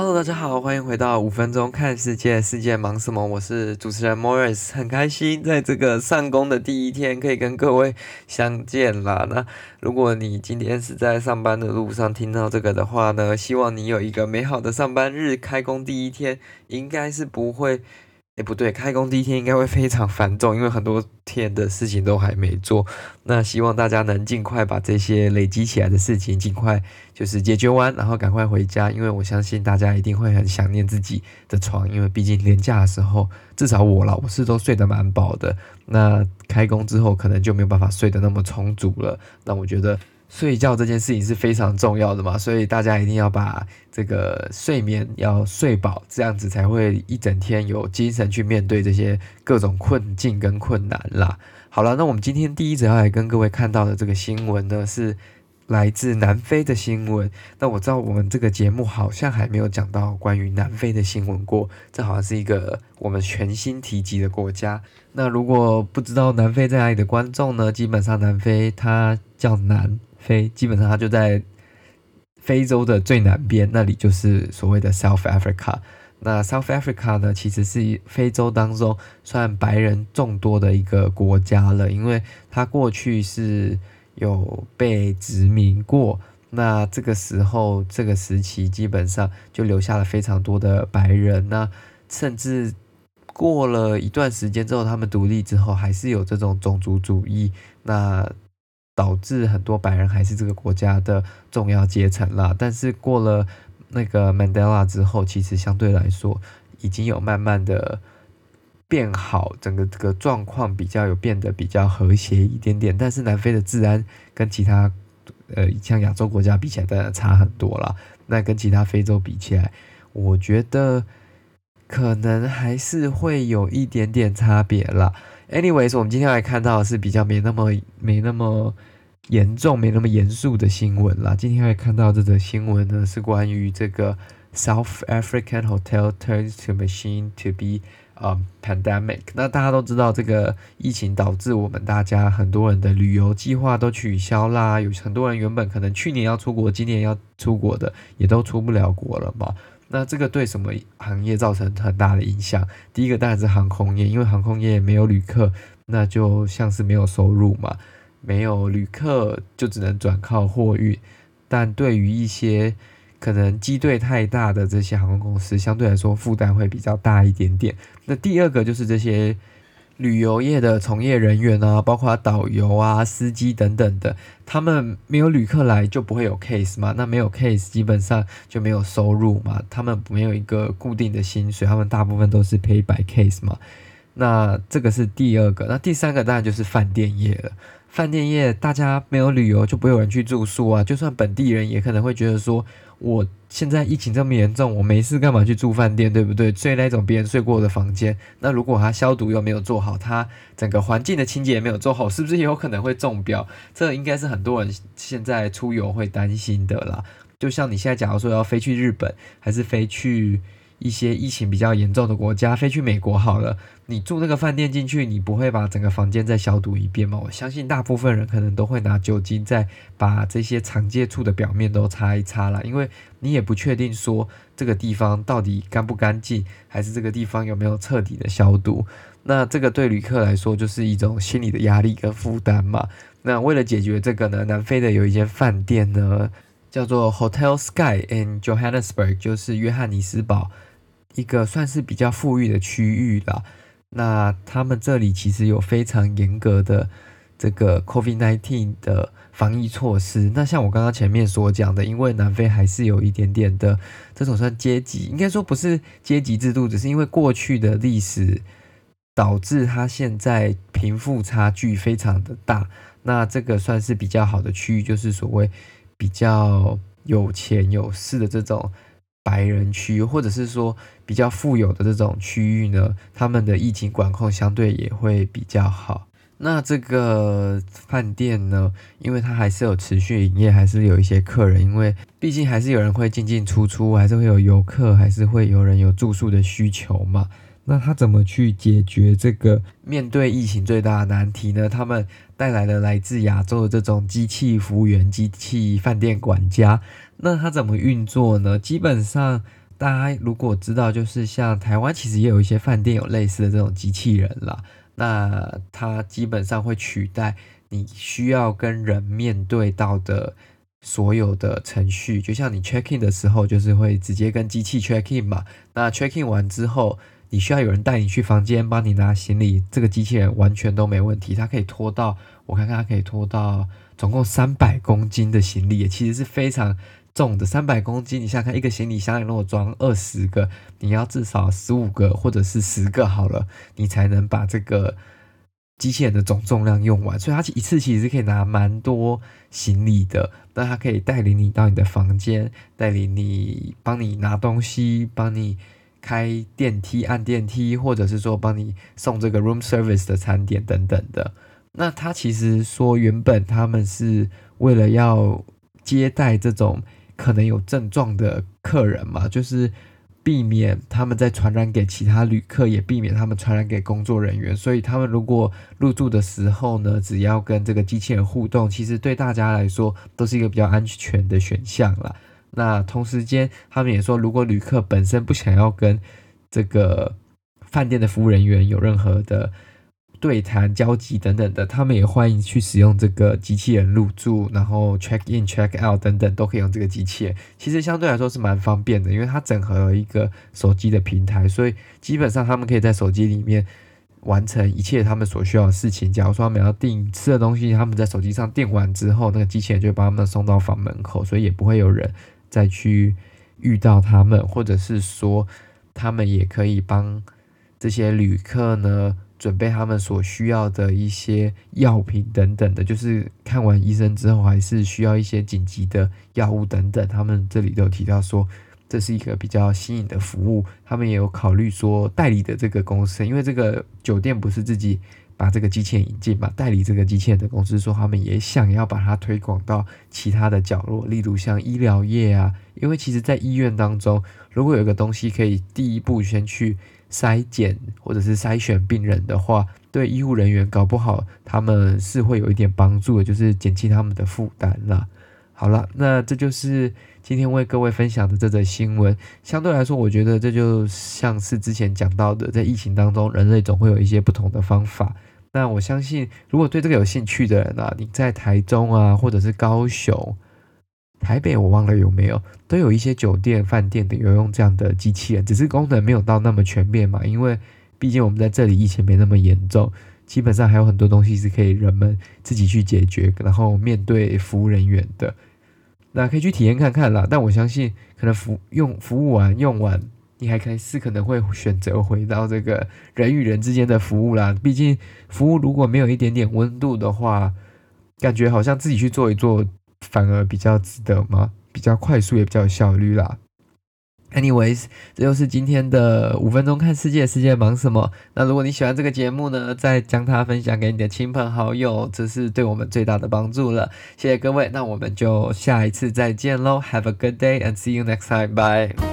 Hello，大家好，歡迎回到五分鐘看世界。世界忙什麼？我是主持人 Morris，很開心在這個上工的第一天可以跟各位相見啦。那如果你今天是在上班的路上聽到這個的話呢，希望你有一個美好的上班日。開工第一天應該是不會。哎，欸、不對，開工第一天應該會非常繁重，因為很多天的事情都還沒做。那希望大家能盡快把這些累積起來的事情盡快就是解決完，然後趕快回家，因為我相信大家一定會很想念自己的床，因為畢竟年假的時候至少我老是都睡得蠻飽的。那開工之後可能就沒有辦法睡得那麼充足了。那我覺得。睡覺這件事情是非常重要的嘛，所以大家一定要把這個睡眠，要睡飽，這樣子才會一整天有精神去面對這些各種困境跟困難啦。好啦，那我們今天第一則要來跟各位看到的這個新聞呢，是來自南非的新聞。那我知道我們這個節目好像還沒有講到關於南非的新聞過，這好像是一個我們全新提及的國家。那如果不知道南非在哪裡的觀眾呢，基本上南非它叫南。非基本上，它就在非洲的最南邊，那裡就是所謂的 South Africa。那 South Africa 呢，其實是非洲當中算白人眾多的一個國家了，因為它過去是有被殖民過。那這個時候，這個時期基本上就留下了非常多的白人。那甚至過了一段時間之後，他們獨立之後，還是有這種種族主義。那導致很多白人還是這個國家的重要階層啦。但是過了那個 Mandela 之後，其實相對來說已經有慢慢的變好，整個這個狀況比較有變得比較和諧一點點。但是南非的治安跟其他呃像亞洲國家比起來，當然差很多啦。那跟其他非洲比起來，我覺得可能還是會有一點點差別啦。Anyways，我們今天來看到的是比較沒那麼沒那麼。嚴重，沒那麼嚴肅的新聞啦，今天會看到這則新聞呢，是關於這個 South African Hotel Turns to Machine to Be a, um, Pandemic。那大家都知道，這個疫情導致我們大家很多人的旅遊計劃都取消啦，有很多人原本可能去年要出國，今年要出國的，也都出不了國了嘛。那這個對什麼行業造成很大的影響？第一個當然是航空業，因為航空業沒有旅客，那就像是沒有收入嘛。沒有旅客，就只能轉靠貨運，但對於一些可能機隊太大的這些航空公司，相對來說負擔會比較大一點點。那第二個就是這些旅遊業的從業人員啊，包括導遊啊、司機等等的，他們沒有旅客來就不會有 case 嘛，那沒有 case 基本上就沒有收入嘛，他們沒有一個固定的薪水，他們大部分都是 pay by case 嘛。那這個是第二個，那第三個當然就是飯店業了。飯店業，大家沒有旅遊，就不會有人去住宿啊。就算本地人，也可能會覺得說，我現在疫情這麼嚴重，我沒事幹嘛去住飯店，對不對？睡那種別人睡過的房間，那如果他消毒又沒有做好，他整個環境的清潔也沒有做好，是不是也有可能會中標？這應該是很多人現在出遊會擔心的啦。就像你現在，假如說要飛去日本，還是飛去。一些疫情比較嚴重的國家，飛去美國好了。你住那個飯店進去，你不會把整個房間再消毒一遍嗎？我相信大部分人可能都會拿酒精再把這些常接觸的表面都擦一擦啦，因為你也不確定說這個地方到底乾不乾淨，還是這個地方有沒有徹底的消毒。那這個對旅客來說就是一種心理的壓力跟負擔嘛。那為了解決這個呢，南非的有一間飯店呢，叫做 Hotel Sky in Johannesburg，就是約翰尼斯堡。一個算是比較富裕的區域啦，那他們這裡其實有非常嚴格的這個 COVID-19 的防疫措施。那像我剛剛前面所講的，因為南非還是有一點點的這種算階級，應該說不是階級制度，只是因為過去的歷史導致它現在貧富差距非常的大。那這個算是比較好的區域，就是所謂比較有錢有勢的這種。白人區，或者是說比較富有的這種區域呢，他們的疫情管控相對也會比較好。那這個飯店呢，因為它還是有持續營業，還是有一些客人，因為畢竟還是有人會進進出出，還是會有遊客，還是會有人有住宿的需求嘛。那他怎麼去解決這個面對疫情最大的難題呢？他們帶來了來自亞洲的這種機器服務員、機器飯店管家，那他怎麼運作呢？基本上，大家如果知道，就是像台灣其實也有一些飯店有類似的這種機器人啦。那它基本上會取代你需要跟人面對到的所有的程序，就像你 check in 的時候，就是會直接跟機器 check in 嘛。那 check in 完之後，你需要有人帶你去房間，幫你拿行李。這個機器人完全都沒問題，它可以拖到，我看看，它可以拖到總共三百公斤的行李，其實是非常重的。三百公斤，你想想看一個行李箱，你如果裝二十個，你要至少十五個或者是十個好了，你才能把這個機器人的總重量用完。所以它一次其實是可以拿蠻多行李的，那它可以帶領你到你的房間，帶領你幫你拿東西，幫你開電梯，按電梯，或者是說幫你送這個 room service 的餐點等等的。那他其實說，原本他們是為了要接待這種可能有症狀的客人嘛，就是避免他們再傳染給其他旅客，也避免他們傳染給工作人員。所以他們如果入住的時候呢，只要跟這個機器人互動，其實對大家來說都是一個比較安全的選項啦。那同時間，他們也說，如果旅客本身不想要跟這個飯店的服務人員有任何的對談、交集等等的，他們也歡迎去使用這個機器人入住，然後 check in、check out 等等都可以用這個機器人。其實相對來說是蠻方便的，因為它整合了一個手機的平台，所以基本上他們可以在手機裡面完成一切他們所需要的事情。假如說他們要訂吃的東西，他們在手機上訂完之後，那個機器人就會把他們送到房門口，所以也不會有人。再去遇到他們，或者是說他們也可以幫這些旅客呢，準備他們所需要的一些藥品等等的。就是看完醫生之後，還是需要一些緊急的藥物等等。他們這裡都提到說。這是一個比較新穎的服務，他們也有考慮說代理的這個公司，因為這個酒店不是自己把這個機器人引進嘛，代理這個機器人的公司說他們也想要把它推廣到其他的角落，例如像醫療業啊，因為其實在醫院當中，如果有一個東西可以第一步先去篩檢或者是篩選病人的話，對醫護人員搞不好他們是會有一點幫助的，就是減輕他們的負擔啦、啊。好了，那這就是今天為各位分享的這則新聞。相對來說，我覺得這就像是之前講到的，在疫情當中，人類總會有一些不同的方法。那我相信，如果對這個有興趣的人啊，你在台中啊，或者是高雄、台北，我忘了有沒有，都有一些酒店、飯店的有用這樣的機器人，只是功能沒有到那麼全面嘛。因為畢竟我們在這裡疫情沒那麼嚴重，基本上還有很多東西是可以人們自己去解決，然後面對服務人員的。那可以去體驗看看啦，但我相信，可能服用服務完用完，你還可以是可能會選擇回到這個人與人之間的服務啦。畢竟，服務如果沒有一點點溫度的話，感覺好像自己去做一做，反而比較值得嘛，比較快速也比較有效率啦。Anyways，這就是今天的五分鐘看世界，世界忙什麼？那如果你喜歡這個節目呢，再將它分享給你的親朋好友，這是對我們最大的幫助了。謝謝各位，那我們就下一次再見嘍。Have a good day and see you next time. Bye.